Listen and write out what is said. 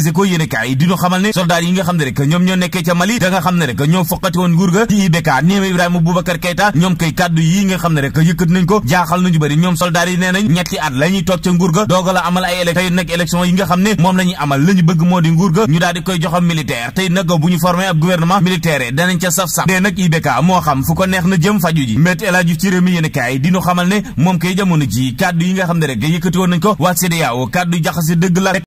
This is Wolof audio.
les échos yéen kaay di xamal ne soldat yi nga xam ne rek ñoom ñoo nekkee ca Mali da nga xam ne rek ñoo foqati woon nguur ga ci IBK ñoom Ibrahima Boubacar Keïta ñoom kay kàddu yi nga xam ne rek yëkkat nañ ko jaaxal nañu bëri ñoom soldat yi nee nañ ñetti at la ñuy toog ca nguur ga dooga la amal kay jamono yi nga xam ne rek yëkkati woon nañ ko waa CEDEAO kàddu jaxase dëgg la